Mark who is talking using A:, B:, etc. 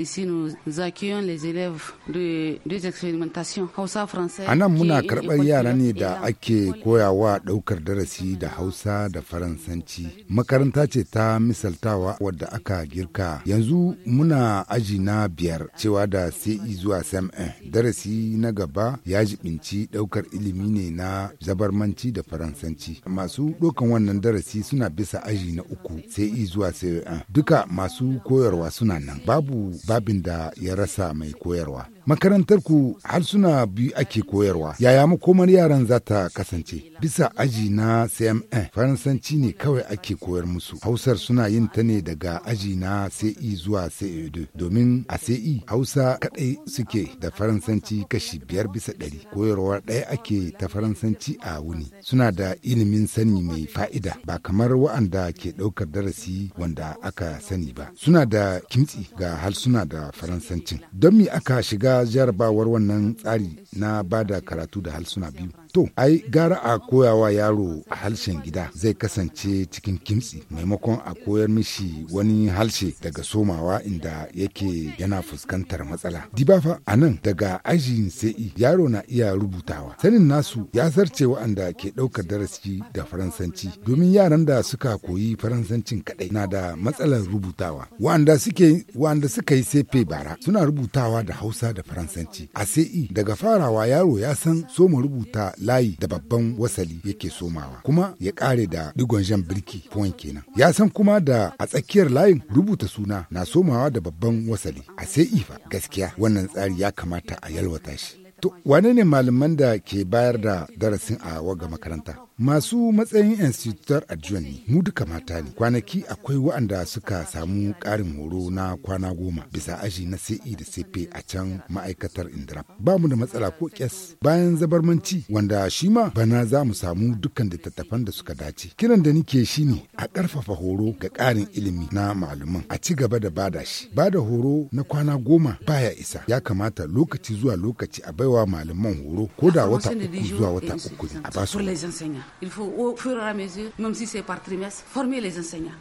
A: ici nous accueillons les élèves de des expérimentations Hausa français. Ana muna karɓar yara ne da ake koyawa ɗaukar darasi da Hausa da Faransanci. Makaranta ce ta misaltawa wadda aka girka. Yanzu muna aji na biyar cewa da CE zuwa sem e. Darasi na gaba ya jibinci ɗaukar ilimi ne na zabarmanci da Faransanci. Masu ɗaukan wannan darasi suna bisa aji na uku CE zuwa CEN. E. Duka masu koyarwa suna nan. Babu babin da ya rasa mai koyarwa. Makarantar ku harsuna biyu ake koyarwa, yaya makomar yaran za ta kasance? Bisa aji na CMN, Faransanci ne kawai ake koyar musu. Hausar suna yin ta ne daga aji na CE zuwa CE2, domin a CE Hausa kaɗai suke da Faransanci kashi biyar bisa ɗari. Koyarwa ɗaya ake ta Faransanci a wuni. Suna da ilimin sani mai fa'ida, ba kamar wa'anda ke ɗaukar darasi wanda aka sani ba. Suna da kimtsi ga harsuna suna da faransanci don me aka shiga jarabawar wannan tsari na bada karatu da halsuna biyu To, ai gara a koyawa yaro a harshen gida zai kasance cikin kimtsi maimakon a koyar mishi wani harshe daga somawa inda yake yana fuskantar matsala. Dibafa a nan daga ajiyin sai e, yaro na iya rubutawa. Sanin nasu ya zarce wa'anda ke ɗaukar darasi da Faransanci domin yaran da suka koyi Faransancin kaɗai na da matsalar rubutawa. Wa'anda suke suka yi sefe bara suna rubutawa da Hausa da Faransanci. A sai e, daga farawa yaro ya san soma rubuta layi da babban wasali yake somawa kuma ya kare da digon jan birki point kenan ya san kuma da a tsakiyar layin rubuta suna na somawa da babban wasali a sai ifa gaskiya wannan tsari ya kamata a yalwata shi to wane ne malaman da ke bayar da darasin a waga makaranta Masu matsayin institutar adjuwan mu duka mata ne. Kwanaki akwai waɗanda suka samu ƙarin horo na kwana goma bisa aji na CE da CP a can ma'aikatar Indira. Ba mu da matsala ko kyas bayan zabarmanci wanda shi ma bana za mu samu dukkan littattafan da suka dace. Kiran da nike shi ne a ƙarfafa horo ga ƙarin ilimi na malaman a ci gaba da bada shi. ba da horo na kwana goma baya isa ya kamata lokaci zuwa lokaci a baiwa malaman horo ko da wata uku zuwa wata uku a basu. Il faut, au fur et à mesure, même si c'est par trimestre, former les enseignants.